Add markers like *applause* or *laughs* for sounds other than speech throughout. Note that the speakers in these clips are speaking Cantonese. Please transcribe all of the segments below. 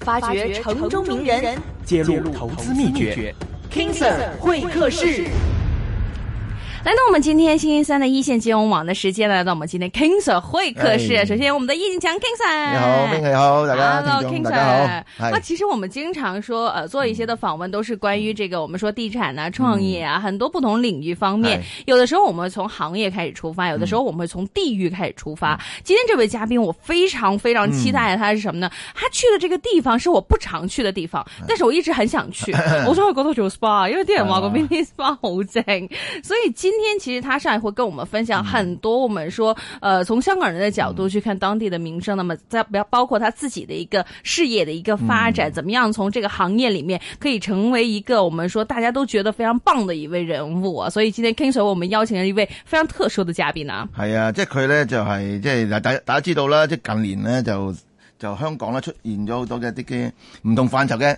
發掘城中名人，揭露投資秘訣，King Sir 會客室。來到我們今天星期三的一線金融網的時間，來到我們今天 KingSir 會客室。哎、首先，我們的易景強 KingSir，你好，KingSir 好，大家好，大家好。那其實我們經常說，呃，做一些的訪問都是關於這個，嗯、我們說地產啊、創業啊，很多不同領域方面。嗯、有的時候我們從行業開始出發，有的時候我們會從地域開始出發。嗯、今天這位嘉賓，我非常非常期待他是什麼呢？他去的這個地方是我不常去的地方，但是我一直很想去。嗯、我想去嗰度做 SPA，因為啲人話嗰邊啲 SPA 好正，所以今。今天其實他上一回跟我們分享很多，我們說，嗯、呃，從香港人的角度去看當地的民生。那麼在不要包括他自己的一個事業的一個發展，嗯、怎麼樣從這個行業裏面可以成為一個我們說大家都覺得非常棒的一位人物，啊。所以今天 KingSir，我們邀請了一位非常特殊的嘉賓啊。係啊，即係佢咧就係、是、即係，嗱，大大家知道啦，即係近年咧就就香港咧出現咗好多嘅啲嘅唔同範疇嘅。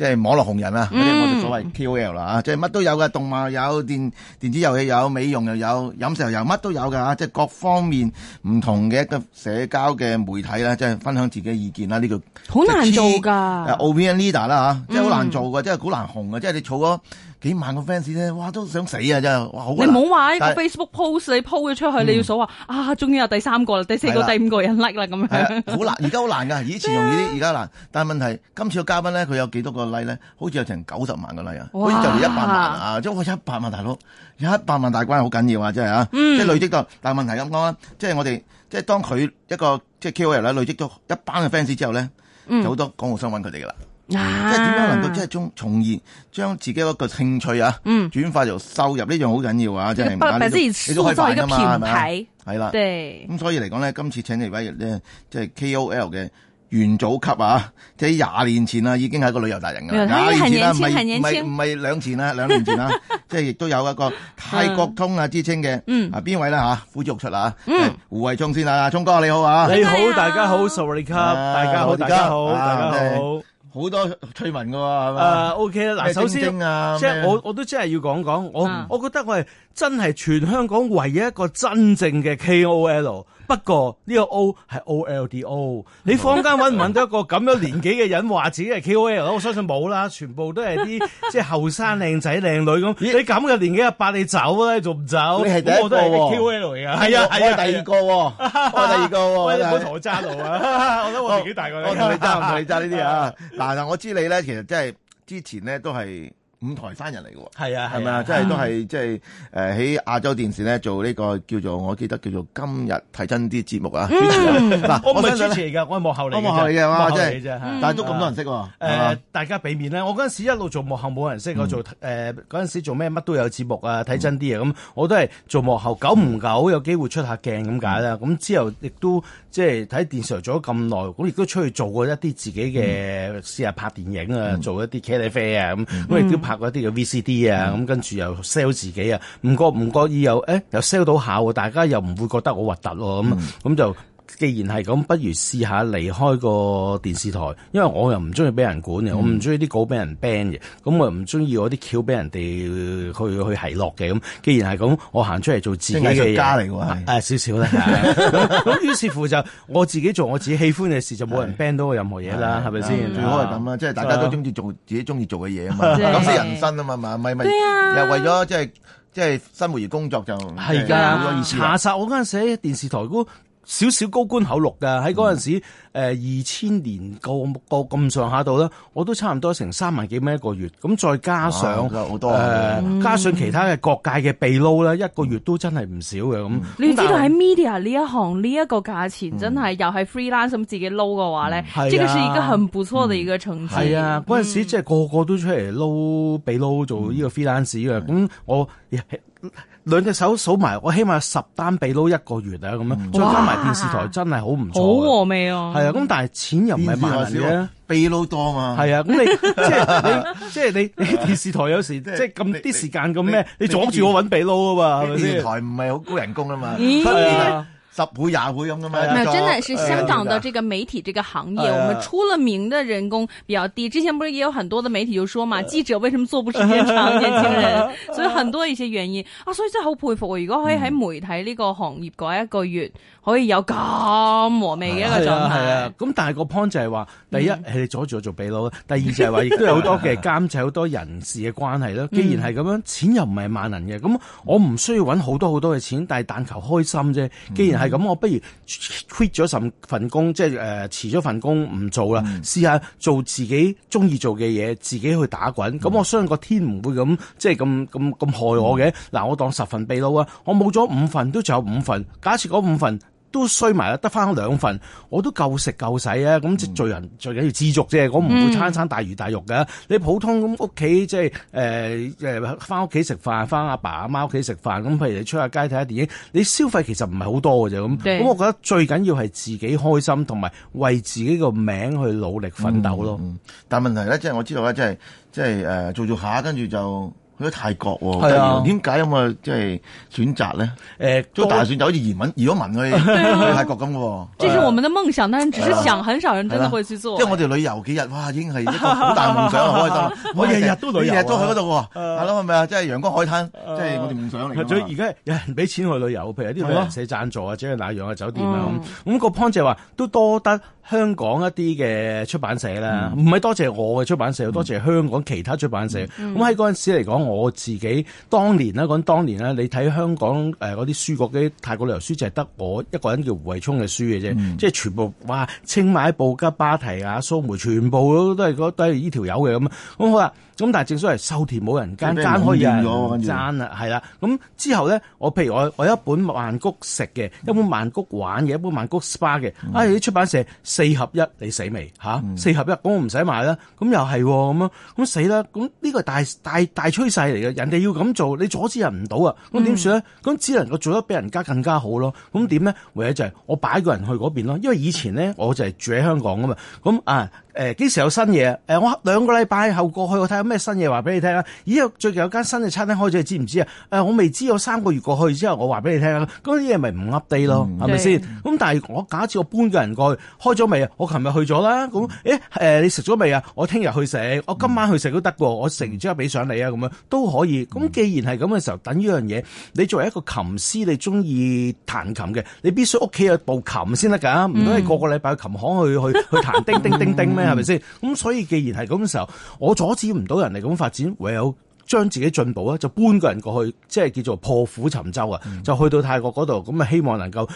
即係網絡紅人啊！嗰啲我哋所謂 KOL 啦啊！嗯、即係乜都有嘅，動漫又有，電電子遊戲有，美容又有，飲食又有，乜都有㗎啊！即係各方面唔同嘅一個社交嘅媒體啦、啊，即係分享自己嘅意見啦、啊。呢、呢個好難做㗎。Open Leader 啦嚇，即係好難做嘅，即係好難紅啊。即係、嗯、你儲咗，幾萬個 fans 咧，哇都想死啊真係，哇好！你唔好話一個 Facebook post 但你 post 咗出去，你要數話、嗯、啊，終於有第三個啦，第四個、了第五個人 like 啦咁樣，好難，而家好難噶，以前容易啲，而家了難。但係問題今次個嘉賓咧，佢有幾多個 like 咧？好似有成九十萬個 like 啊，好似就嚟一百萬啊，即係哇，一百萬，哇萬大佬，一百萬大關好緊要啊，真係啊，嗯、即係累積到。但係問題咁講啦，即係我哋即係當佢一個即係 KOL 累積咗一班嘅 fans 之後咧，嗯、就好多廣告商揾佢哋噶啦。即係點樣能夠即係從從而將自己嗰個興趣啊，轉化做收入呢樣好緊要啊，即係唔單止舒展嘅前提係啦。咁所以嚟講咧，今次請你位即係 K O L 嘅元祖級啊，即係廿年前啊，已經係個旅遊達人噶啦。吓，廿年前啦，唔係唔係唔係兩前啦，兩年前啦，即係亦都有一個泰國通啊之稱嘅。啊，邊位呢？吓？呼之欲出啦，胡慧沖先啦，沖哥你好啊！你好，大家好，sorry，大家好，大家好，大家好。好多推文噶喎，係咪啊？Okay, 啊，OK 啦，嗱，首先，即係我我都真係要講講，我、嗯、我覺得我係真係全香港唯一一個真正嘅 KOL。不過呢個 O 係 O L D O，你坊間揾唔揾到一個咁樣年紀嘅人話自己係 K O L？我相信冇啦，全部都係啲即係後生靚仔靚女咁。你咁嘅年紀阿伯你走啦，你仲唔走？你係第一個，我都係 K O L 嚟㗎，係啊係啊，第二個，我第二個，唔好同我揸路啊！我覺得我自己大過你。我同你揸，我同你揸呢啲啊！嗱嗱，我知你咧，其實真係之前咧都係。五台山人嚟嘅喎，係啊，係咪啊？即係都係即係，誒，喺亞洲電視咧做呢個叫做，我記得叫做今日睇真啲節目啊。嗱，我唔係主持嚟噶，我係幕後嚟嘅。嘅但係都咁多人識喎。誒，大家俾面咧，我嗰陣時一路做幕後冇人識，我做誒嗰陣時做咩乜都有節目啊，睇真啲啊咁，我都係做幕後，久唔久有機會出下鏡咁解啦。咁之後亦都即係睇電視台做咗咁耐，咁亦都出去做過一啲自己嘅試下拍電影啊，做一啲茄喱啡啊咁，拍嗰啲嘅 VCD 啊，咁跟住又 sell 自己啊，唔覺唔覺意又，誒、欸、又 sell 到下喎，大家又唔會覺得我核突咯，咁咁、嗯、就。既然係咁，不如試下離開個電視台，因為我又唔中意俾人管嘅，我唔中意啲稿俾人 ban 嘅，咁我又唔中意我啲橋俾人哋去去奚落嘅。咁既然係咁，我行出嚟做自己嘅嘢，藝術家嚟喎，誒少少啦。咁於是乎就我自己做我自己喜歡嘅事，就冇人 ban 到我任何嘢啦，係咪先？最好係咁啦，即係大家都中意做自己中意做嘅嘢啊嘛，咁人生啊嘛咪咪。又為咗即係即係生活而工作就係㗎，查多意思啊！查實我嗰陣時喺電視台少少高官厚祿嘅喺嗰陣時，二千年個個咁上下度呢，我都差唔多成三萬幾蚊一個月，咁再加上誒，多加上其他嘅各界嘅秘撈呢，一個月都真係唔少嘅咁。嗯、但你知道喺 media 呢一行呢一個價錢，真係又係 freelance 自己撈嘅話咧，係、嗯、啊，呢個係一個很不錯嘅一個程序係啊，嗰陣時即係個個都出嚟撈秘撈做呢個 freelance 嘅咁，我。嗯兩隻手數埋，我起碼有十單秘撈一個月啊咁樣，再加埋電視台真係好唔錯好和味哦。係啊，咁但係錢又唔係萬事嘅，秘撈多嘛。係啊，咁你即係你即係你，你電視台有時即係咁啲時間咁咩？你阻住我揾秘撈啊嘛？電視台唔係好高人工啊嘛。十倍廿倍咁噶嘛？冇，真的是香港的這個媒體這個行業，我們出了名的人工比較低。之前不是也有很多的媒體就說嘛，記者為什麼做唔到現場年輕人，所以很多一些原因啊。所以真係好佩服我，如果可以喺媒體呢個行業過一個月，可以有咁和味嘅一個狀態。啊，咁但係個 point 就係話，第一係你阻住我做秘佬，第二就係話亦都有好多嘅監製，好多人事嘅關係咯。既然係咁樣，錢又唔係萬能嘅，咁我唔需要揾好多好多嘅錢，但係但求開心啫。既然係咁，我不如 quit 咗十份工，即係誒辭咗份工唔做啦，嗯、試下做自己中意做嘅嘢，自己去打滾。咁、嗯、我相信個天唔會咁即係咁咁咁害我嘅嗱、嗯。我當十份秘撈啊，我冇咗五份，都仲有五份。假設嗰五份，都衰埋啦，得翻兩份，我都夠食夠使啊！咁、嗯、罪人最緊要知足啫，我唔會餐餐大魚大肉噶。嗯、你普通咁屋企即係誒誒，翻屋企食飯，翻阿爸阿媽屋企食飯。咁譬、嗯嗯嗯、如你出下街睇下電影，你消費其實唔係好多㗎啫。咁咁，我覺得最緊要係自己開心，同埋為自己個名去努力奮鬥咯。但問題咧，即、就、係、是、我知道咧，即係即係誒做做下，跟住就。去咗泰國喎，點解咁啊？即係選擇咧？誒，做大選就好似移民移咗民去泰國咁喎。這是我們的夢想，但係只是想，很少人真的會去做。即係我哋旅遊幾日，哇！已經係一個好大夢想啦，開心！我日日都旅遊，日日都去嗰度喎。係咯，係咪啊？即係陽光海灘，即係我哋夢想嚟嘅。而家有人俾錢去旅遊，譬如啲旅行社贊助啊，或者係哪樣嘅酒店啊咁。咁個 point 就話都多得。香港一啲嘅出版社啦，唔係多謝我嘅出版社，多謝香港其他出版社。咁喺嗰陣時嚟講，我自己當年咧，講、嗰個、當年咧，你睇香港嗰啲、呃、書局啲泰國旅遊書，就係、係、得我一個人叫胡慧沖嘅書嘅啫，即係、嗯、全部哇，清邁、布吉、芭提雅、啊、蘇梅，全部都係嗰都係依條友嘅咁咁好啦。咁但係正所謂收田冇人耕，耕可以爭啦，係啦。咁之後咧，我譬如我我一本曼谷食嘅、嗯，一本曼谷玩嘅，一本曼谷 SPA 嘅，啊啲、哎、出版社四合一你死未吓四合一，咁、啊嗯、我唔使買啦。咁又係咁咯，咁死啦。咁呢個大大大，大趨勢嚟嘅，人哋要咁做，你阻止人唔到啊。咁點算咧？咁、嗯、只能夠做得比人家更加好咯。咁點咧？唯一就係我擺個人去嗰邊咯。因為以前咧，我就係住喺香港啊嘛。咁啊。誒幾、呃、時有新嘢。誒、呃、我兩個禮拜後過去我睇下咩新嘢話俾你聽、啊、啦。咦？最近有間新嘅餐廳開咗，你知唔知啊？誒、呃、我未知，我三個月過去之後我話俾你聽、啊、啦。啲嘢咪唔 update 咯，係咪先？咁吧、嗯、但係我假設我搬個人過去開咗未？我琴日去咗啦。咁誒誒你食咗未啊？我聽日去食，我今晚去食都得嘅。嗯、我食完之後俾上你啊，咁樣都可以。咁既然係咁嘅時候，等於樣嘢，你作為一個琴師，你鍾意彈琴嘅，你必須屋企有部琴先得㗎。唔通你個個禮拜琴行去去去彈叮叮叮叮，叮，叮，叮。 *laughs* 係咪先？咁、嗯、所以既然係咁嘅時候，我阻止唔到人哋咁發展，唯有將自己進步啊，就搬個人過去，即係叫做破釜沉舟啊，嗯、就去到泰國嗰度，咁啊希望能夠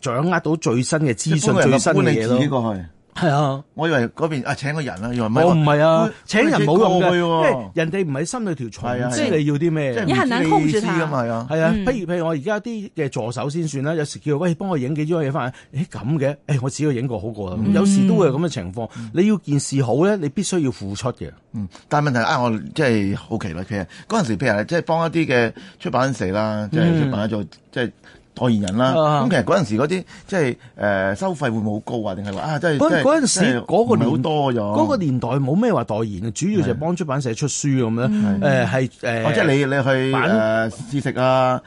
掌握到最新嘅資訊、最新嘅嘢咯。係啊，我以為嗰邊啊請個人啦，以為唔係我唔係啊，請人冇用嘅，即係人哋唔係心裏條菜啊，即係你要啲咩？一係難 hold 住佢咁係啊，係啊，譬如譬如我而家啲嘅助手先算啦，有時叫喂幫我影幾張嘢翻，誒咁嘅，誒我只要影過好過啦，有時都會有咁嘅情況，你要件事好咧，你必須要付出嘅。嗯，但係問題啊，我即係好奇啦，其實嗰陣時譬如即係幫一啲嘅出版社啦，即係出版咗即係。代言人啦，咁其實嗰陣時嗰啲即係誒收費會唔會好高啊？定係話啊，即係即係嗰陣時嗰個年代冇多咗，嗰個年代冇咩話代言嘅，的主要就係幫出版社出書咁樣。誒的，係誒、嗯呃呃哦，即係你你去誒試版、呃、食啊。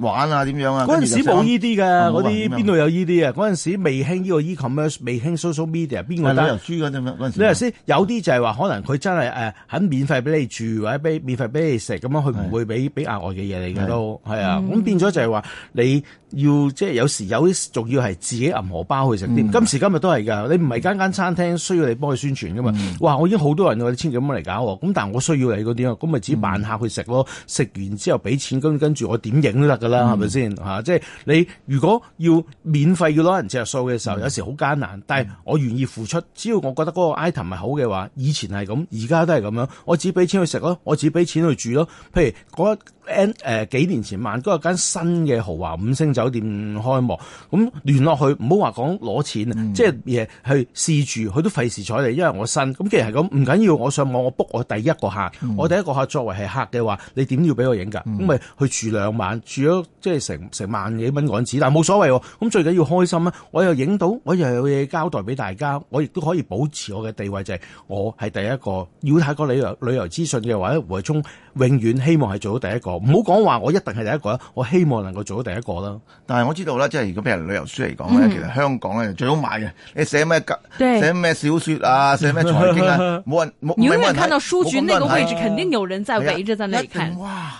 玩啊點樣啊？嗰陣時冇依啲㗎，嗰啲邊度有依啲啊？嗰陣時未興呢個 e-commerce，未興 social media，邊個得？旅豬嗰陣你睇下先，有啲就係話可能佢真係誒肯免費俾你住或者俾免費俾你食咁樣，佢唔會俾俾額外嘅嘢嚟。嘅都係啊。咁變咗就係話你要即係有時有啲仲要係自己揼荷包去食添。今時今日都係㗎，你唔係間間餐廳需要你幫佢宣傳㗎嘛？哇！我已經好多人㗎，千幾蚊嚟搞我，咁但係我需要你嗰啲啊，咁咪自己扮客去食咯。食完之後俾錢，跟跟住我點影都得㗎。啦，係咪先嚇？即係你如果要免費要攞人隻數嘅時候，嗯、有時好艱難。但係我願意付出，只要我覺得嗰個 item 係好嘅話，以前係咁，而家都係咁樣。我只俾錢去食咯，我只俾錢去住咯。譬如嗰 n 幾年前晚都有間新嘅豪華五星酒店開幕，咁聯絡佢，唔好話講攞錢，即係嘢去試住，佢都費事睬你，因為我新。咁既然係咁，唔緊要，我上網我 book 我第一個客，嗯、我第一個客作為係客嘅話，你點要俾我影㗎？咁咪、嗯、去住兩晚，住咗。即係成成萬幾蚊港紙，但係冇所謂，咁最緊要開心啦。我又影到，我又有嘢交代俾大家，我亦都可以保持我嘅地位，就係、是、我係第一個。如果睇過旅遊旅遊資訊嘅話，胡慧沖永遠希望係做到第一個。唔好講話我一定係第一個，我希望能夠做到第一個啦。但係我知道啦，即係如果俾人旅遊書嚟講咧，嗯、其實香港咧最好賣嘅，你寫咩寫咩小說啊，寫咩財經啊，冇 *laughs* 人冇永遠看，看到書局呢個那、啊、位置，肯定有人在圍着在那裏看、啊、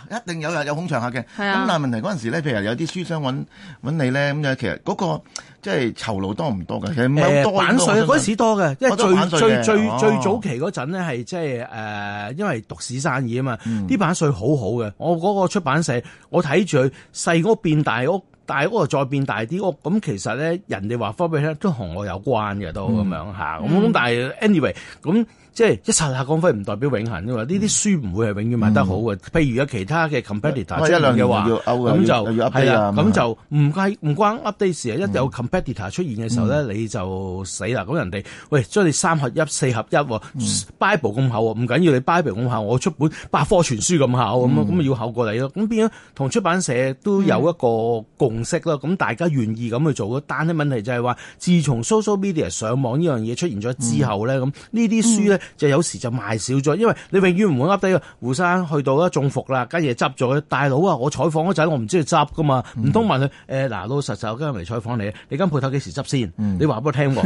哇，一定有人有捧場客嘅。係啊，但係問題。嗰陣時咧，譬如有啲書商揾揾你咧，咁樣其實嗰、那個。即係酬勞多唔多嘅？其實唔係多，版稅嗰陣時多嘅，因為最最最最早期嗰陣咧，係即係誒，因為讀史生意啊嘛，啲版稅好好嘅。我嗰個出版社，我睇住佢細屋變大屋，大屋又再變大啲屋。咁其實咧，人哋話返俾你聽都同我有關嘅，都咁樣吓，咁但係 anyway，咁即係一剎那光輝唔代表永恆嘅嘛。呢啲書唔會係永遠賣得好嘅。譬如有其他嘅 competitor 一樣嘅話，咁就係，咁就唔係唔關 update 事啊，一有 comp。editor 出現嘅時候咧，你就死啦！咁、嗯、人哋喂將你三合一四合一、嗯、，bible 咁厚喎，唔緊要你 bible 咁厚，我出本百科全書咁厚，咁啊咁咪要厚過你咯。咁變咗同出版社都有一個共識啦。咁、嗯、大家願意咁去做。單一問題就係話，自從 social media 上網呢樣嘢出現咗之後咧，咁呢啲書咧就有時就賣少咗，因為你永遠唔會 update 低啊！胡生去到啦，中伏啦，跟住執咗。大佬啊，我採訪嗰陣我唔知道要執噶嘛，唔通問佢誒嗱，老實實我今日嚟採訪你，你？間鋪頭幾時執先？嗯、你話俾我聽喎，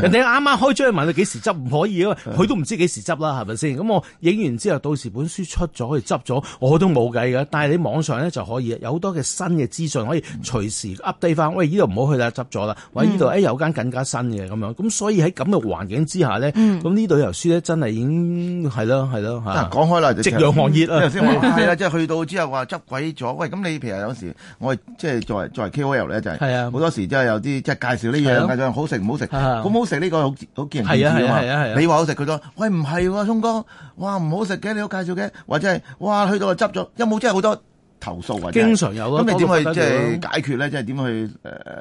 人哋啱啱開張去問你幾時執，唔可以啊？佢都唔知幾時執啦，係咪先？咁我影完之後，到時本書出咗可以執咗，我都冇計噶。但係你網上咧就可以，有好多嘅新嘅資訊可以隨時 update 翻。喂，呢度唔好去啦，執咗啦。喂，呢度誒有間更加新嘅咁樣。咁所以喺咁嘅環境之下咧，咁呢度遊書咧真係已經係咯係咯。講開啦，夕陽行業啦，即係、啊、去到之後話執鬼咗。喂，咁你譬如有時我即係作為作為 KOL 咧就係、是，好的多時真係有啲。即係介紹呢、啊、樣介紹好食唔好食，好唔好食呢、啊這個好好見仁見智啊嘛！啊啊啊啊你話好食，佢都：「喂唔係、啊，聰哥，哇唔好食嘅，你有介紹嘅，或者係哇去到就執咗，有冇真係好多投訴或、啊、者？經常有咁，你點去即係解決咧？即係點去誒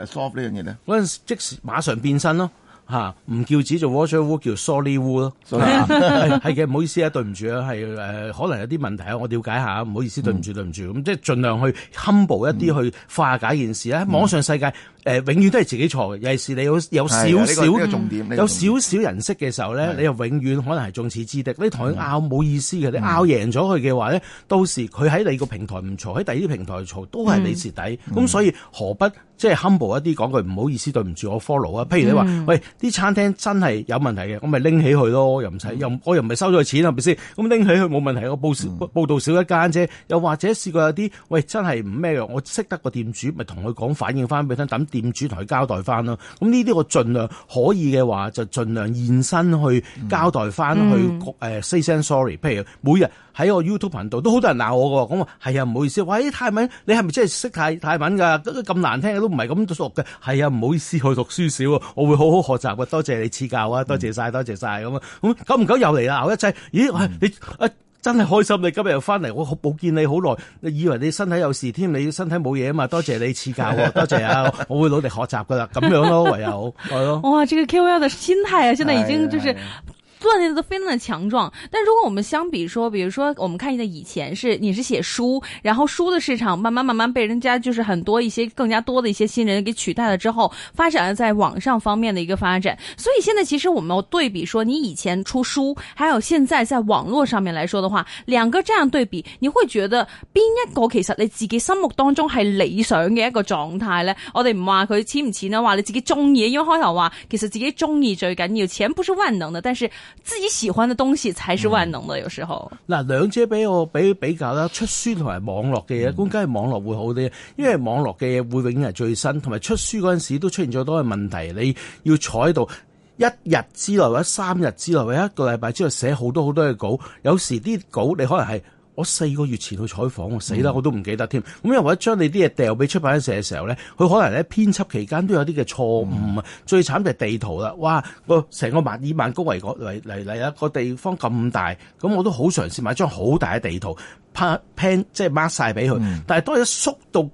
soft、呃、呢樣嘢咧？嗰陣時即時馬上變身咯，嚇、啊、唔叫紙做 water 污，woo, 叫 sorry 污咯，係嘅、啊，唔 *laughs* 好意思啊，對唔住啊，係誒、呃，可能有啲問題啊，我了解下，唔好意思，嗯、對唔住、啊，對唔住，咁即係盡量去 humble 一啲去化解件事咧。嗯、喺網上世界，誒永遠都係自己錯嘅，尤其是你有有少少嘅重點有少少人識嘅時候咧，你又永遠可能係眾矢之的。你同佢拗冇意思嘅，你拗贏咗佢嘅話咧，到時佢喺你個平台唔嘈，喺第二啲平台嘈都係你蝕底。咁所以何必即係 humble 一啲講句唔好意思，對唔住我 follow 啊？譬如你話喂，啲餐廳真係有問題嘅，我咪拎起佢咯，又唔使又我又唔係收咗佢錢係咪先？咁拎起佢冇問題，我報報道少一間啫。又或者試過有啲喂真係唔咩嘅，我識得個店主咪同佢講反映翻俾佢等店。店主同佢交代翻咯，咁呢啲我盡量可以嘅話，就盡量現身去交代翻，嗯、去誒 say s o、嗯、sorry。譬如每日喺我 YouTube 頻道都好多人鬧我嘅，咁話係啊，唔好意思。喂，泰文你係咪真係識泰泰文㗎？咁難聽都唔係咁讀嘅，係啊，唔好意思，我讀書少，我會好好學習啊。多謝你指教啊，多謝晒，多謝晒。咁啊。咁久唔久又嚟啦，我一劑。咦，哎、你啊？哎真係開心，你今日又翻嚟，我冇見你好耐，你以為你身體有事添？你身體冇嘢啊嘛？多謝你賜教，多謝啊， *laughs* 我，我會努力學習噶啦，咁樣咯唯有。係咯。哇，呢個 KOL 嘅心態啊，現在已經就是。是做的都非常的強壯，但如果我們相比說，比如說我們看的以前是你是寫書，然後書的市場慢慢慢慢被人家就是很多一些更加多的一些新人給取代了之後，發展了在網上方面的一個發展。所以現在其實我們對比說，你以前出書，還有現在在網絡上面來說的話，兩個這樣對比，你會覺得邊一個其實你自己心目當中係理想嘅一個狀態咧？我哋唔話佢錢唔錢啊，話你自己中意，因為開頭話其實自己中意最緊要，錢不是萬能的，但是。自己喜歡嘅東西才是萬能的。有時候嗱、嗯，兩者畀我比比較啦，出書同埋網絡嘅嘢，梗係網絡會好啲，因為網絡嘅嘢會永遠係最新，同埋出書嗰陣時都出現咗好多嘅問題，你要坐喺度一日之內或者三日之內或者一個禮拜之內寫好多好多嘅稿，有時啲稿你可能係我四個月前去採訪，死啦！我都唔記得添。咁又、嗯、或者將你啲嘢掉俾出版社嘅時候咧，佢可能咧編輯期間都有啲嘅錯誤啊。嗯、最慘就係地圖啦！哇，個成個萬以萬高為為嚟嚟啦個地方咁大，咁我都好嘗試買張好大嘅地圖，plan plan 即係 mark 晒俾佢。嗯、但係當一縮到。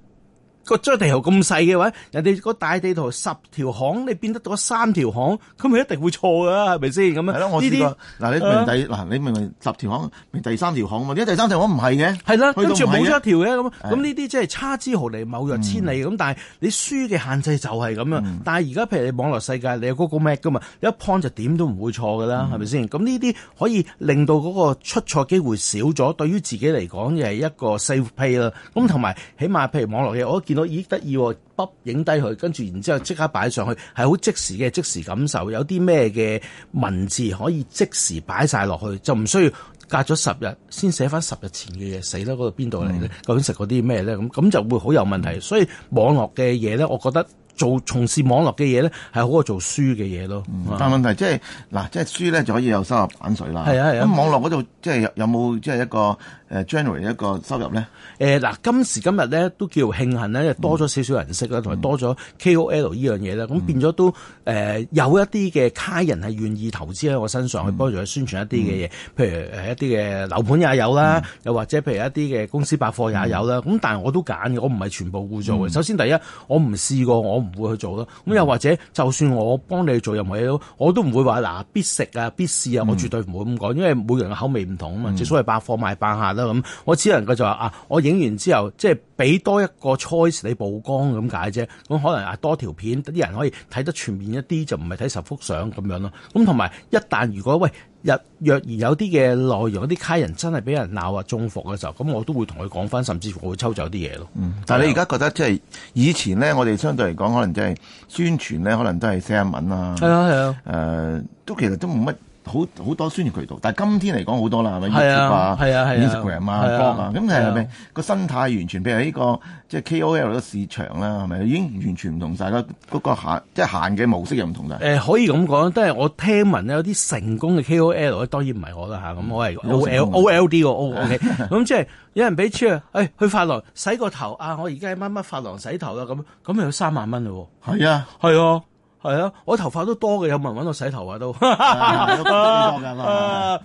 個張地圖咁細嘅話，人哋嗰大地圖十條巷，你變得嗰三條巷，咁佢咪一定會錯噶啦，係咪先咁啊？係咯，我知啦。嗱，你明明第嗱，你明明十條巷，明明第三條巷啊嘛，如果第三條巷唔係嘅，係啦，跟住冇咗一條嘅咁，咁呢啲即係差之毫釐，謬若千里咁。但係你輸嘅限制就係咁樣。但係而家譬如你網絡世界，你有 Google Map 噶嘛，你一 point 就點都唔會錯噶啦，係咪先？咁呢啲可以令到嗰個出錯機會少咗，對於自己嚟講又係一個 safe pay 啦。咁同埋起碼譬如網絡嘅，我都見。我已經得意喎，卜影低佢，跟住然之後即刻擺上去，係好即時嘅即時感受。有啲咩嘅文字可以即時擺晒落去，就唔需要隔咗十日先寫翻十日前嘅嘢。死啦！嗰度邊度嚟咧？嗯、究竟食嗰啲咩咧？咁咁就會好有問題。所以網絡嘅嘢咧，我覺得做從事網絡嘅嘢咧，係好過做書嘅嘢咯。嗯嗯、但問題，啊、即係嗱，即係書咧就可以有收入版稅啦。係啊係啊，咁、啊、網絡嗰度即係有冇即係一個？誒 general 嘅一個收入咧，誒嗱今時今日咧都叫做慶幸咧，多咗少少人識啦，同埋多咗 KOL 呢樣嘢啦，咁變咗都誒有一啲嘅客人係願意投資喺我身上，去幫助佢宣傳一啲嘅嘢，譬如一啲嘅樓盤也有啦，又或者譬如一啲嘅公司百貨也有啦，咁但係我都揀嘅，我唔係全部會做嘅。首先第一，我唔試過，我唔會去做咯。咁又或者就算我幫你做任何嘢都，我都唔會話嗱必食啊、必試啊，我絕對唔會咁講，因為每人嘅口味唔同啊嘛。即所謂百貨賣百客啦。咁，我只能夠就話啊，我影完之後，即係俾多一個 choice 你曝光咁解啫。咁可能啊，多條片啲人可以睇得全面一啲，就唔係睇十幅相咁樣咯。咁同埋一旦如果喂日若然有啲嘅內容，嗰啲客人真係俾人鬧啊，中伏嘅時候，咁我都會同佢講翻，甚至乎我會抽走啲嘢咯。嗯，但係你而家覺得即係以前咧，我哋相對嚟講，可能即係宣傳咧，可能都係新聞啦。係啊，係啊，誒、呃、都其實都冇乜。好好多宣傳渠道，但係今天嚟講好多啦，係咪吧 YouTube 啊、啊啊啊 Instagram 啊、blog 啊，咁係咪個生態完全，譬如呢、這個即係 KOL 嘅市場啦，係咪已經完全唔同晒啦？嗰、那個即行即係行嘅模式又唔同曬。誒、呃，可以咁講，都係我聽聞咧，有啲成功嘅 KOL，當然唔係我啦吓。咁我係 OLOLD 喎，OK，咁 *laughs* 即係有人俾出啊，去髮廊洗個頭，啊，我而家喺乜乜髮廊洗頭啦，咁咁有三萬蚊咯，係啊，係啊。係啊，我頭髮都多嘅，有冇人搵我洗頭啊？都係 *laughs* 啊！咁、啊啊、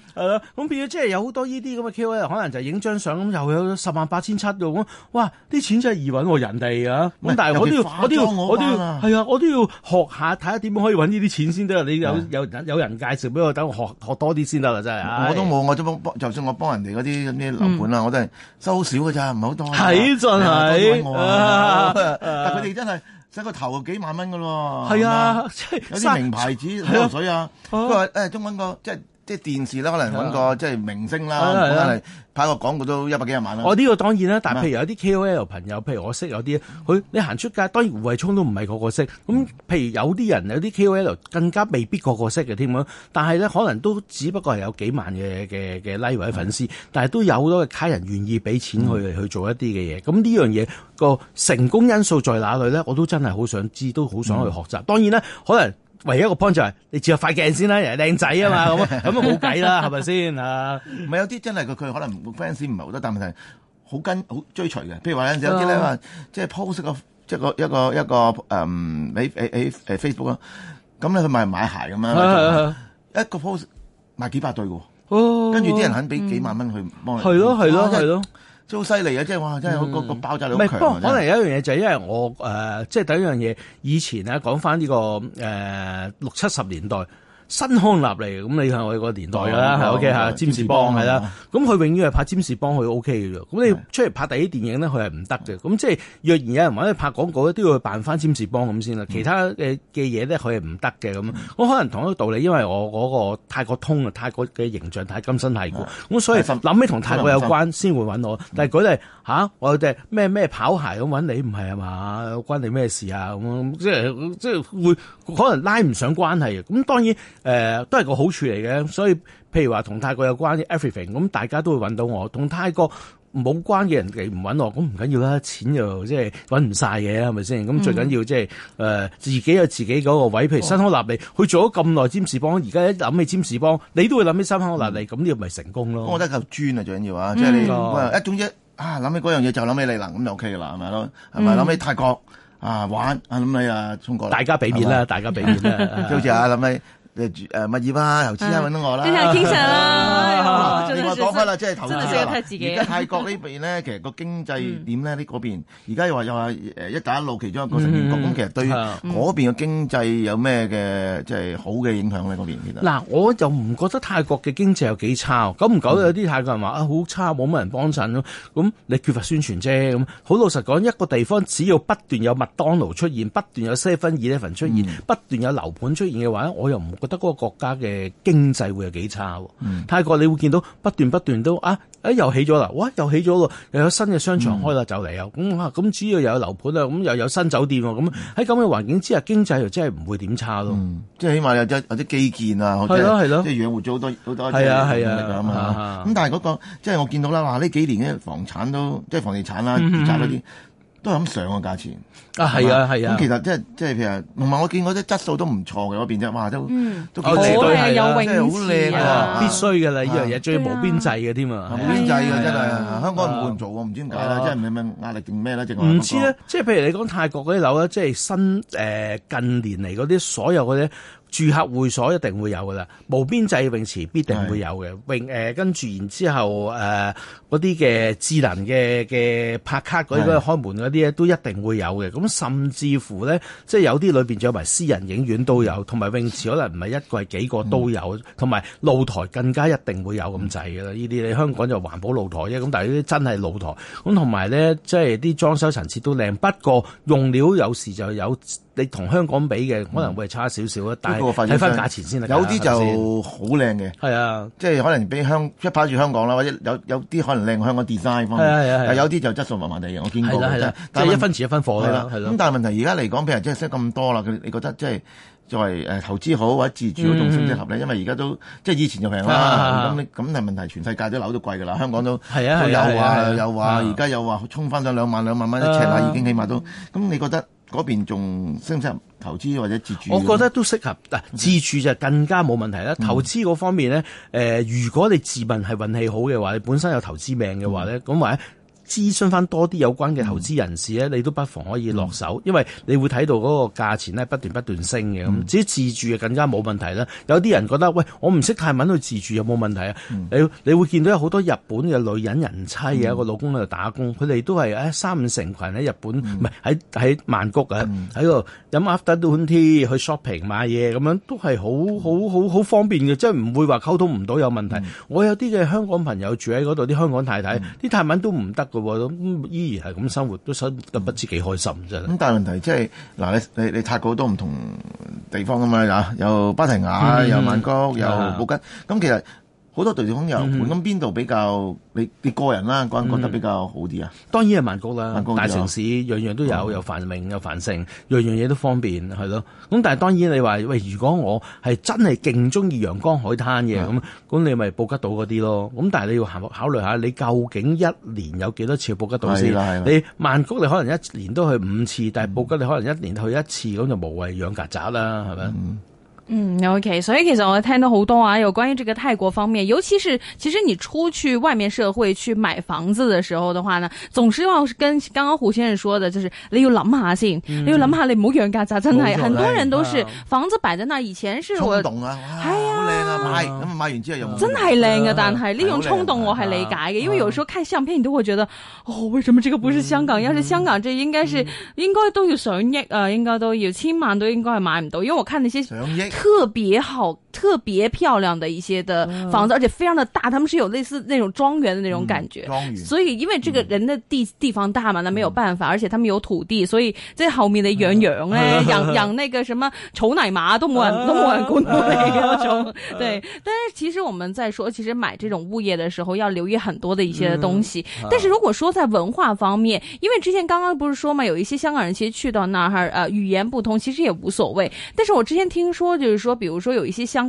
變咗即係有好多呢啲咁嘅 KOL，可能就影張相咁，又有十萬八千七咁，哇，啲錢真係易搵喎，人哋啊！咁但係我都要，我都要，我都要係啊！我都要學下睇下點樣可以搵呢啲錢先得。你有、啊、有有人介紹俾我，等我學學多啲先得啦，真係。我都冇，我都幫就算我幫人哋嗰啲咩樓盤啊，我都係收少嘅咋，唔係好多。睇真係，但係佢哋真係。使個頭幾萬蚊噶咯，係啊，有啲名牌子香、啊、水啊，不過誒中文個即係。即係電視啦，可能揾個是、啊、即係明星啦，是啊、可能是拍個廣告都一百幾十萬啦。我呢個當然啦，嗎但譬如有啲 KOL 朋友，譬如我識有啲，佢你行出街，當然胡慧沖都唔係個個識。咁、嗯、譬如有啲人有啲 KOL 更加未必個個識嘅添，但係咧，可能都只不過係有幾萬嘅嘅嘅拉位粉絲，嗯、但係都有好多嘅卡人願意俾錢佢去，嗯、去做一啲嘅嘢。咁呢樣嘢個成功因素在哪裏咧？我都真係好想知，都好想去學習。嗯、當然呢，可能。唯一一個 point 係你，著下快鏡先啦，人哋靚仔啊嘛，咁咁都冇計啦，係咪先啊？唔係，有啲真係佢佢可能 fans 唔係好多，但係好跟好追隨嘅。譬如話有啲咧，即係 post 即係個一個一個誒喺喺喺 Facebook 咯。咁咧，佢咪買鞋咁樣，一個 post 賣幾百對嘅，跟住啲人肯俾幾萬蚊去幫你。係咯係咯係咯。真係好犀利啊！即係哇，真係個爆炸力。唔係、嗯，不可能有一樣嘢就係因為我誒、呃，即係第一樣嘢，以前咧講返呢個誒、呃、六七十年代。新康立嚟嘅，咁你係我哋個年代嘅啦，OK 嚇，占士邦係啦。咁佢永遠係拍占士邦，佢 OK 嘅啫。咁你出嚟拍第啲電影咧，佢係唔得嘅。咁即係若然有人揾你拍廣告都要扮翻占士邦咁先啦。其他嘅嘅嘢咧，佢係唔得嘅咁。我可能同一個道理，因為我嗰個泰國通啊，泰國嘅形象太根深蒂固，咁所以諗起同泰國有關先會揾我。但係舉例吓，我哋咩咩跑鞋咁揾你，唔係啊嘛，關你咩事啊咁？即係即係會可能拉唔上關係嘅。咁當然。誒、呃、都係個好處嚟嘅，所以譬如話同泰國有關嘅 everything，咁大家都會揾到我。同泰國冇關嘅人哋唔揾我，咁唔緊要啦，錢又即係揾唔曬嘅，係咪先？咁、嗯、最緊要即係誒、呃、自己有自己嗰個位。譬如新康納利，去做咗咁耐占士邦，而家一諗起占士邦，你都會諗起新康納利。咁呢個咪成功咯？我覺得夠專啊，最緊要啊，嗯、即係你一、嗯、總之一啊，諗起嗰樣嘢就諗起你啦，咁就 OK 啦，係咪咯？係咪諗起泰國啊玩啊，諗、啊、起啊中國，大家俾面啦吧，大家俾面啦、 *laughs* 啊，即好似啊諗起。啊誒住誒物業啊，頭先揾到我啦，呢啲係經常啦。我講翻啦，即係頭先啦。而家泰國呢邊咧，其實個經濟點咧？呢嗰邊而家又話又話一帶一路其中一個成員國咁，其實對嗰邊嘅經濟有咩嘅即係好嘅影響咧？嗰邊嗱，我就唔覺得泰國嘅經濟有幾差。久唔久有啲泰國人話啊，好差，冇乜人幫襯咯。咁你缺乏宣傳啫。咁好老實講，一個地方只要不斷有麥當勞出現，不斷有 Seven Eleven 出現，不斷有樓盤出現嘅話，我又唔覺得嗰個國家嘅經濟會有幾差，哦？泰國你會見到不斷不斷都啊，啊又起咗啦！哇，又起咗喎，又有新嘅商場開啦，就嚟又咁啊，嗯！咁、啊、主要又有樓盤啊，咁又有新酒店喎，咁喺咁嘅環境之下，經濟又真係唔會點差咯，嗯。即係起碼有啲有啲基建啊，即係養活咗好多好多係啊係啊咁啊！咁但係嗰、那個即係、就是、我見到啦，嗱、啊、呢幾年嘅房產都即係房地產啦、啊、嗯、哼住宅嗰啲都咁上個、啊、價錢。啊，係啊，係啊！其實即係即係譬如同埋我見嗰啲質素都唔錯嘅嗰邊啫，哇都都幾靚啦，即係好靚嘅必須㗎啦，呢樣嘢最無邊際嘅添啊，無邊際嘅真係香港冇人做喎，唔知點解咧，即係唔係壓力定咩咧？唔知咧，即係譬如你講泰國嗰啲樓咧，即係新誒近年嚟嗰啲所有嗰啲住客會所一定會有㗎啦，無邊際泳池必定會有嘅泳誒，跟住然之後嗰啲嘅智能嘅嘅拍卡嗰啲開門嗰啲都一定會有嘅咁。甚至乎咧，即係有啲裏邊仲有埋私人影院都有，同埋泳池可能唔係一個係幾個都有，同埋露台更加一定會有咁滯㗎啦。呢啲你香港就環保露台啫，咁但係呢啲真係露台。咁同埋咧，即係啲裝修層次都靚，不過用料有時就有。你同香港比嘅可能會係差少少啊，但係睇翻價錢先，有啲就好靚嘅，係啊，即係可能比香一排住香港啦，或者有有啲可能靚香港 design 方面，但有啲就質素麻麻地嘅，我見過，但係一分錢一分貨啦，咁但係問題而家嚟講，譬如即係升咁多啦，你覺得即係作為誒投資好或者自住嗰種先至合理？因為而家都即係以前就平啦，咁咁係問題，全世界都樓都貴㗎啦，香港都又話又話，而家又話衝翻咗兩萬兩萬蚊一尺啦，已經起碼都咁，你覺得？嗰邊仲適唔適合投資或者自住？我覺得都適合。但自住就更加冇問題啦。投資嗰方面咧，誒、呃，如果你自問係運氣好嘅話，你本身有投資命嘅話咧，咁或者。諮詢翻多啲有關嘅投資人士咧，你都不妨可以落手，因為你會睇到嗰個價錢咧，不斷不斷升嘅咁。至於自住更加冇問題啦。有啲人覺得喂，我唔識泰文去自住有冇問題啊？你你會見到有好多日本嘅女人人妻一個老公喺度打工，佢哋都係誒三五成群喺日本，唔係喺喺曼谷啊，喺度飲 afternoon tea 去 shopping 買嘢咁樣，都係好好好好方便嘅，即係唔會話溝通唔到有問題。我有啲嘅香港朋友住喺嗰度，啲香港太太啲泰文都唔得。咁依然係咁生活都，都生活不知幾開心啫。咁但係問題即係嗱，你你你，你泰國好多唔同地方㗎嘛，有有芭提雅，嗯、有曼谷，有布吉，咁的其實。好多地方有，咁邊度比較你你個人啦，個人覺得比較好啲啊、嗯？當然係曼谷啦，谷大城市樣樣都有，又繁榮又繁盛，樣樣嘢都方便，係咯、嗯。咁但係當然你話喂，如果我係真係勁中意陽光海灘嘅咁，咁、嗯、你咪布吉島嗰啲咯。咁但係你要行考慮下，你究竟一年有幾多次去布吉島先？你曼谷你可能一年都去五次，但係布吉你可能一年都去一次，咁就無謂養曱甴啦，係咪？嗯嗯，OK，所以其實我聽到好多啊，有關於這個泰國方面，尤其是其實你出去外面社會去買房子的時候的話呢，總是要跟剛剛胡先生說的，就是你要諗下先，你要諗下你唔好養家咋，真係，很多人都是房子擺在那，以前是我係啊，好靚啊，買咁買完之後又真係靚啊，但係呢種衝動我係理解嘅，因為有時候看相片你都會覺得，哦，為什麼這個不是香港，要是香港這應該是應該都要上億啊，應該都要千萬都應該係買唔到，因為我看那些上億。特別好。特別漂亮的一些的房子，uh, 而且非常的大，他們是有類似那種莊園的那種感覺。嗯、所以，因為這個人的地、嗯、地方大嘛，那沒有辦法，嗯、而且他們有土地，所以在後面的圓圓 *laughs* 養羊呢，養養那個什麼丑奶媽，都冇人都冇人管到嚟嗰種。對，但是其實我們在說，其實買這種物業的時候要留意很多的一些的東西。嗯、但是如果說在文化方面，因為之前剛剛不是說嘛，有一些香港人其實去到那兒哈，呃，語言不通，其實也無所謂。但是我之前聽說，就是說，比如說有一些香。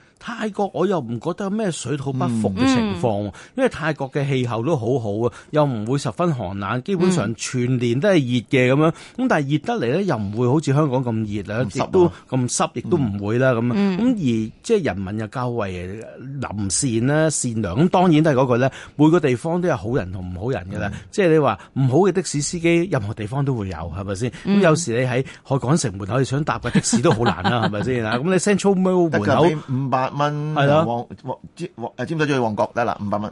泰國我又唔覺得有咩水土不服嘅情況，因為泰國嘅氣候都好好啊，又唔會十分寒冷，基本上全年都係熱嘅咁樣。咁但係熱得嚟咧，又唔會好似香港咁熱啊，亦都咁濕，亦都唔會啦咁。咁而即係人民又較為、林善啦、善良。咁當然都係嗰句咧，每個地方都有好人同唔好人㗎啦。即係你話唔好嘅的士司機，任何地方都會有係咪先？咁有時你喺海港城門口你想搭個的士都好難啦，係咪先？咁你 Central 門口五百蚊係啦，旺旺尖旺，誒尖旺角得啦，五百蚊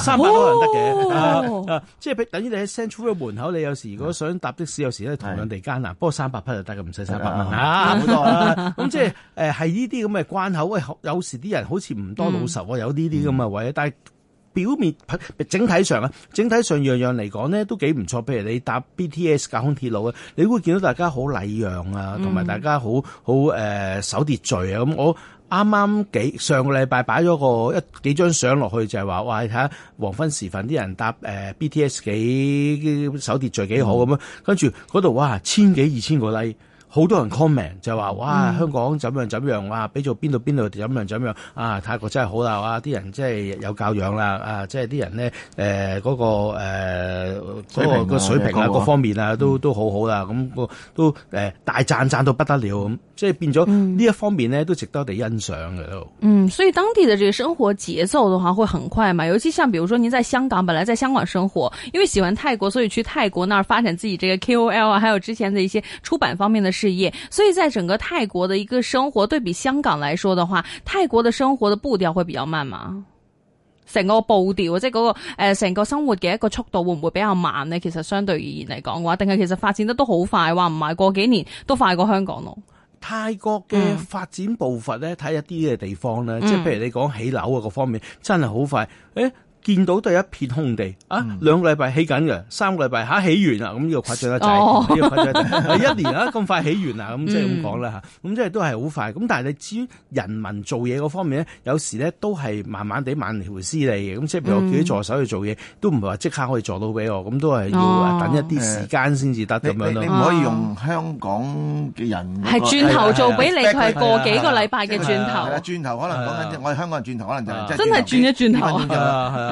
三百蚊又得嘅，即係等於你喺 Central 門口，你有時如果想搭的士，有時咧同樣地艱難，不過三百匹就得㗎，唔使三百蚊啊，好多啦。咁即係誒係呢啲咁嘅關口，喂，有時啲人好似唔多老實喎，有呢啲咁嘅位，但係表面整體上啊，整體上樣樣嚟講咧都幾唔錯。譬如你搭 BTS 架空鐵路咧，你會見到大家好禮讓啊，同埋大家好好誒守秩序啊。咁我。啱啱幾上個禮拜擺咗個一幾張相落去，就係、是、話哇，你睇下黃昏時分啲人搭、呃、BTS 幾手秩序幾好咁、嗯、樣跟住嗰度哇千幾二千個 like。好多人 comment 就話哇，香港怎樣怎樣哇，俾咗邊度邊度怎樣怎樣啊，泰國真係好啦啊，啲人真係有教養啦啊，即係啲人咧誒、呃嗰個誒、呃嗰個個水平啊，各方面啊、嗯、都都好好啦，咁個都誒、呃、大讚讚到不得了，咁即係變咗呢一方面咧都值得我哋欣賞嘅都嗯，所以當地的這個生活節奏的話會很快嘛，尤其像比如說您在香港，本來在香港生活，因為喜歡泰國所以去泰國那兒發展自己這個 KOL 啊，還有之前的一些出版方面的事。業，所以在整個泰國的一個生活對比香港來說的話，泰國的生活的步調會比較慢嘛？成個步調或者嗰個誒，成、呃、個生活嘅一個速度會唔會比較慢呢？其實相對而言嚟講嘅話，定係其實發展得都好快，話唔係過幾年都快過香港咯。泰國嘅發展步伐咧，睇、嗯、一啲嘅地方咧，即係譬如你講起樓啊個方面，嗯、真係好快誒。見到都係一片空地啊！兩個禮拜起緊嘅，三個禮拜吓起完啦，咁呢個誇張得滯，呢個誇張一年啊，咁快起完啦，咁即係咁講啦嚇。咁即係都係好快。咁但係你至於人民做嘢嗰方面咧，有時咧都係慢慢地慢條斯理嘅。咁即係譬如我叫啲助手去做嘢，都唔係話即刻可以做到俾我，咁都係要等一啲時間先至得咁樣。你唔可以用香港嘅人係轉頭做俾你，佢係過幾個禮拜嘅轉頭。轉頭可能講緊，我哋香港人轉頭可能就真係轉一轉頭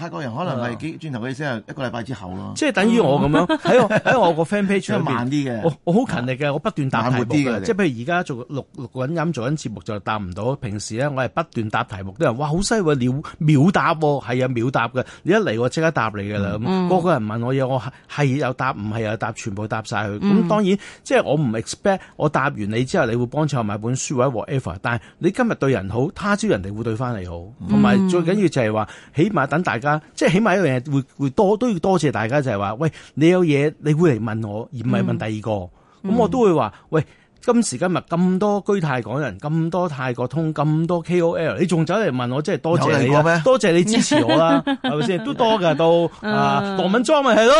泰國人可能係幾轉頭嘅意思，係一個禮拜之後咯，即係等於我咁樣喺、mm. 我喺我個 fan page 出得 *laughs* 面慢啲嘅，我好勤力嘅，我不斷答題目，即係譬如而家做錄錄緊音，做緊節目就答唔到。平時咧我係不斷答題目，啲人哇，好犀利喎，秒答喎，係啊秒答嘅，你一嚟我即刻答你㗎啦。咁、mm. 個個人問我嘢，我係有答，唔係有答，全部答晒佢。咁、mm. 當然即係我唔 expect 我答完你之後，你會幫襯買本書或者 whatever。但係你今日對人好，他朝人哋會對翻你好。同埋、mm. 最緊要就係話，起碼等大家。即係起碼有一樣嘢會會多都要多謝,謝大家，就係、是、話：喂，你有嘢你會嚟問我，而唔係問第二個。咁、嗯、我都會話：嗯、喂。今時今日咁多居泰港人，咁多泰國通，咁多 KOL，你仲走嚟問我，真係多謝你，多謝你支持我啦，係咪先？都多噶都，啊黃敏莊咪係咯，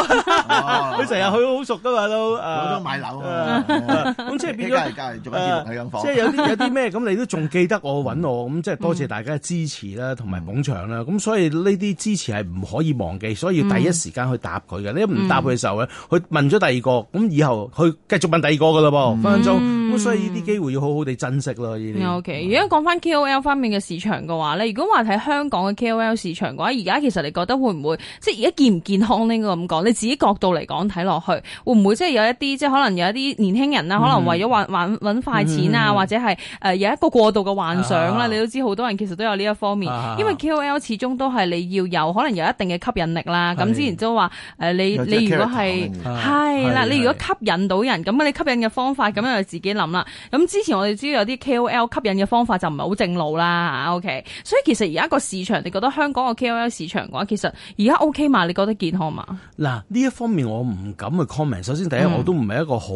佢成日去好熟噶嘛都，啊，我都買樓，咁即係變咗家做嘅房，即係有啲有啲咩咁，你都仲記得我搵我咁，即係多謝大家嘅支持啦，同埋捧場啦，咁所以呢啲支持係唔可以忘記，所以要第一時間去答佢嘅。你唔答佢嘅時候咧，佢問咗第二個，咁以後佢繼續問第二個噶嘞噃，分分鐘咁所以呢啲機會要好好地珍惜啦。呢啲 O K，如果講翻 K O L 方面嘅市場嘅話咧，如果話睇香港嘅 K O L 市場嘅話，而家其實你覺得會唔會即係而家健唔健康呢？應該咁講你自己角度嚟講睇落去，會唔會即係有一啲即係可能有一啲年輕人啦，可能為咗玩玩揾快錢啊，或者係誒有一個過度嘅幻想啦。你都知好多人其實都有呢一方面，因為 K O L 始終都係你要有可能有一定嘅吸引力啦。咁之前都話誒，你你如果係係啦，你如果吸引到人咁你吸引嘅方法咁就。自己諗啦，咁之前我哋知道有啲 K O L 吸引嘅方法就唔係好正路啦，O K，所以其實而家個市場，你覺得香港個 K O L 市場嘅話，其實而家 O K 嘛？你覺得健康嘛？嗱呢一方面我唔敢去 comment。首先第一，嗯、我都唔係一個好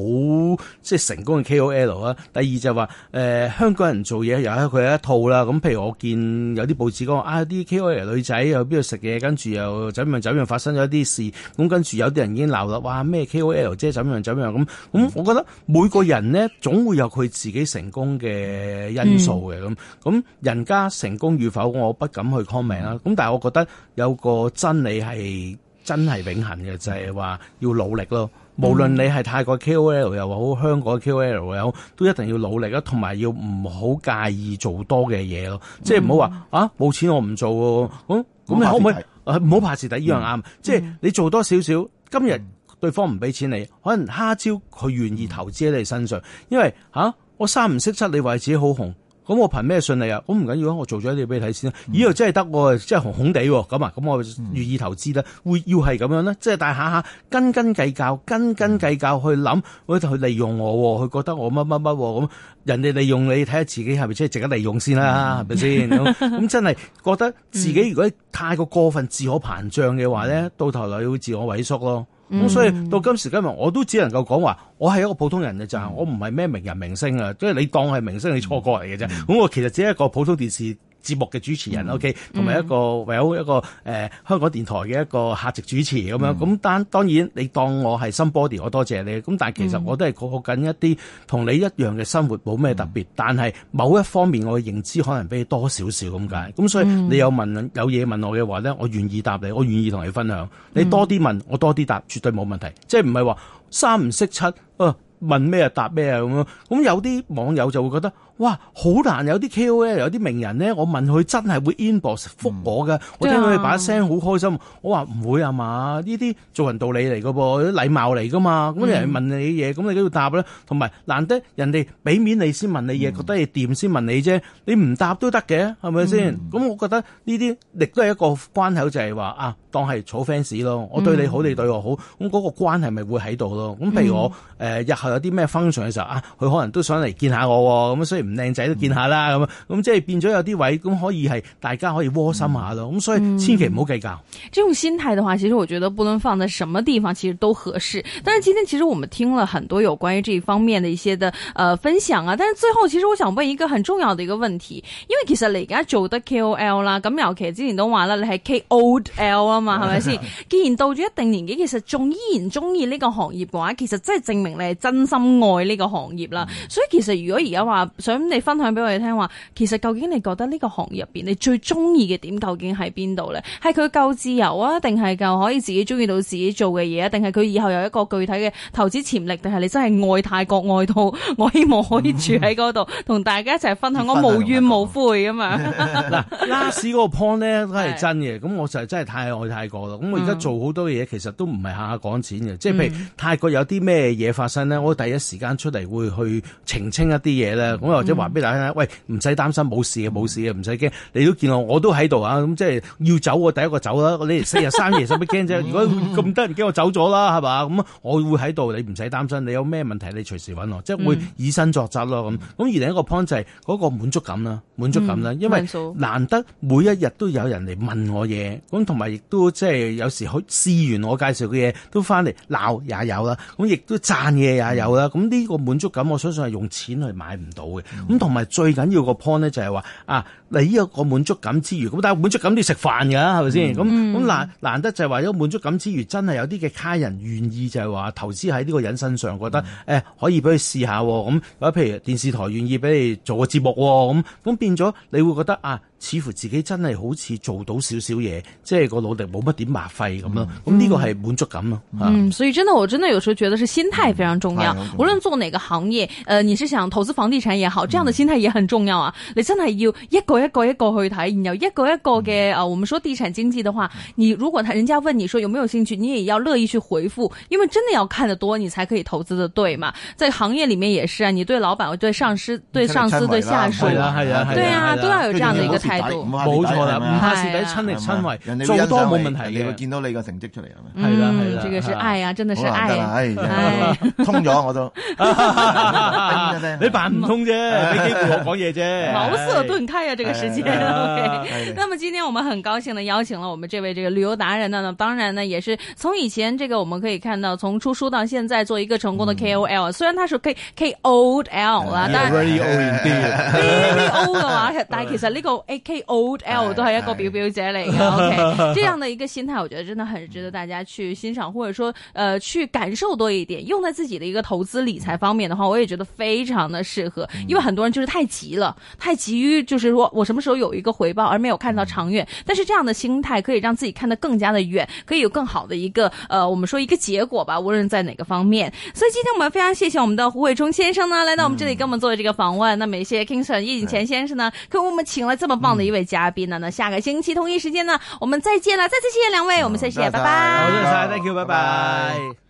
即係成功嘅 K O L 啊。第二就話、是、誒、呃，香港人做嘢又係佢一套啦。咁譬如我見有啲報紙講啊，啲 K O L 女仔又邊度食嘢，跟住又怎樣怎樣發生咗一啲事，咁跟住有啲人已經鬧啦。哇，咩 K O L 即係怎樣怎樣咁咁、嗯？我覺得每個人咧。總會有佢自己成功嘅因素嘅咁，咁、嗯、人家成功與否，我不敢去 comment 啦。咁但係我覺得有個真理係真係永恆嘅，就係、是、話要努力咯。嗯、無論你係泰國 KOL 又好，香港 KOL 又好，都一定要努力咯。同埋要唔好介意做多嘅嘢咯。嗯、即係唔好話啊冇錢我唔做喎。咁咁你可唔可以唔好怕蝕底依樣啱？嗯、即係你做多少少，嗯、今日。對方唔俾錢你，可能蝦招佢願意投資喺你身上，因為吓、啊、我三唔識七，你話自己好紅，咁我憑咩信你啊？咁唔緊要，我做咗啲嘢俾你睇先啦咦？真係得，真係紅紅地咁啊！咁我願意投資啦。會要係咁樣咧，即係大下下斤斤計較，斤斤計較去諗，我哋去利用我，佢覺得我乜乜乜咁。人哋利用你睇下自己係咪真係值得利用先啦、啊？係咪先咁？是是 *laughs* 真係覺得自己如果太過過分自我膨脹嘅話咧，嗯、到頭來會自我萎縮咯。咁、嗯、所以到今時今日，我都只能夠講話，我係一個普通人嘅，就係、嗯、我唔係咩名人明星啊，即係、嗯、你當係明星，你錯過嚟嘅啫。咁、嗯、我其實只係一個普通電視節目嘅主持人、嗯、OK，同埋一個唯有、嗯、一個誒、呃、香港電台嘅一個客席主持咁、嗯、樣咁，但當然你當我係新 body，我多謝你。咁但其實我都係過緊一啲同、嗯、你一樣嘅生活，冇咩特別。嗯、但係某一方面，我嘅認知可能比你多少少咁解。咁所以你有問、嗯、有嘢問我嘅話咧，我願意答你，我願意同你分享。你多啲問，我多啲答，絕對冇問題。即係唔係話三唔識七啊，問咩啊答咩啊咁樣。咁有啲網友就會覺得。哇，好難有啲 KOL 咧，有啲名人咧，我問佢真係會 inbox 覆我嘅。嗯、我聽到佢把聲好開心。嗯、我話唔會啊嘛，呢啲做人道理嚟嘅噃，啲禮貌嚟噶嘛。咁人、人問你嘢，咁、嗯、你都要答咧。同埋難得人哋俾面你先問你嘢，嗯、覺得你掂先問你啫。你唔答都得嘅，係咪先？咁、嗯、我覺得呢啲亦都係一個關口，就係、是、話啊，當係坐 fans 咯。我對你好，嗯、你對我好，咁、那、嗰個關係咪會喺度咯。咁譬如我、呃、日後有啲咩分享嘅時候啊，佢可能都想嚟見下我喎，咁所以。唔靚仔都見下啦，咁咁、嗯、即係變咗有啲位，咁可以係大家可以窩心下咯。咁、嗯、所以千祈唔好計較、嗯。呢種心態嘅話，其實我覺得不論放在什麼地方，其實都合適。但係今天其實我們聽了很多有關於這方面嘅一些的呃分享啊。但係最後其實我想問一個很重要嘅一個問題，因為其實你而家做得 KOL 啦，咁尤其之前都話啦，你係 KOL 啊嘛，係咪先？既然到咗一定年紀，其實仲依然中意呢個行業嘅話，其實真係證明你係真心愛呢個行業啦。嗯、所以其實如果而家話咁你分享俾我哋聽話，其實究竟你覺得呢個行業入邊，你最中意嘅點究竟喺邊度咧？係佢夠自由啊？定係夠可以自己中意到自己做嘅嘢啊？定係佢以後有一個具體嘅投資潛力？定係你真係愛泰國愛到我希望可以住喺嗰度，同大家一齊分享我？嗯嗯我無怨無悔咁樣嗱，拉斯嗰個 point 咧都係真嘅，咁是我就真係太愛泰國啦。咁、嗯、我而家做好多嘢，其實都唔係下下講錢嘅，即係譬如泰國有啲咩嘢發生咧，嗯、我第一時間出嚟會去澄清一啲嘢啦。嗯即係話俾大家聽，喂，唔使擔心，冇事嘅，冇事嘅，唔使驚。你都見我，我都喺度啊。咁即係要走，我第一個走啦。你四日三夜使乜驚啫？如果咁得人驚，我走咗啦，係嘛？咁我會喺度，你唔使擔心。你有咩問題，你隨時揾我，即係會以身作則咯。咁咁、嗯、而另一個 point 就係、是、嗰、那個滿足感啦，滿足感啦，因為難得每一日都有人嚟問我嘢，咁同埋亦都即係有時去試完我介紹嘅嘢都翻嚟鬧也有啦，咁亦都贊嘢也有啦。咁、這、呢個滿足感，我相信係用錢去買唔到嘅。咁同埋最緊要個 point 咧就係、是、話啊，你呢個個滿足感之餘，咁但係滿足感都要食飯㗎，係咪先？咁咁難，難得就係話有一個滿足感之餘，真係有啲嘅客人願意就係話投資喺呢個人身上，覺得誒、嗯哎、可以俾佢試下喎。咁或者譬如電視台願意俾你做個節目喎。咁、啊、咁變咗，你會覺得啊～似乎自己真係好似做到少少嘢，即係個努力冇乜點麻費咁樣，咁呢個係滿足感咯。嗯，所以真的，我真的有時候覺得是心態非常重要。無論做哪個行業，呃，你是想投資房地產也好，這樣的心態也很重要啊。你真係要一個一個一個去睇，然後一個一個嘅啊。我們說地產經濟的話，你如果他人家問你說有沒有興趣，你也要樂意去回覆，因為真的要看得多，你才可以投資的對嘛。在行業裏面也是啊，你對老闆、對上司、對上司、對下屬，對啊，都要有這樣的一個態度。冇錯啦，唔怕蝕底，親力親為，做多冇問題。你會見到你個成績出嚟係咪？係啦係啦，係啊，真係愛，通咗我都。你扮唔通啫，俾機會我講嘢啫。茅塞頓開啊！呢個時間，OK。那麼今天我們很高興的邀請了我們這位這個旅遊達人呢，當然呢，也是從以前這個我們可以看到，從出書到現在，做一個成功的 K O L。雖然他做 K K O L 但係 very old O 嘅話，但係其實呢個 K O L 都還要搞比比皆是，OK，這樣的一個心態，我覺得真的很值得大家去欣賞， *laughs* 或者說，呃，去感受多一點。用在自己的一個投資理財方面的話，我也覺得非常的適合，嗯、因為很多人就是太急了，太急於就是說我什麼時候有一個回報，而沒有看到長遠。嗯、但是這樣的心態可以讓自己看得更加的遠，可以有更好的一個，呃，我們說一個結果吧，無論在哪個方面。所以今天我們非常謝謝我們的胡慧沖先生呢，來到我們這裡跟我們做這個訪問。嗯、那麼一謝 King Sir 葉景乾先生呢，給、嗯、我們請了這麼。棒的一位嘉賓呢，那下個星期同一時間呢，我們再見了，再次謝謝兩位，嗯、我們謝謝，才拜拜，好，謝謝，Thank you，拜拜。拜拜。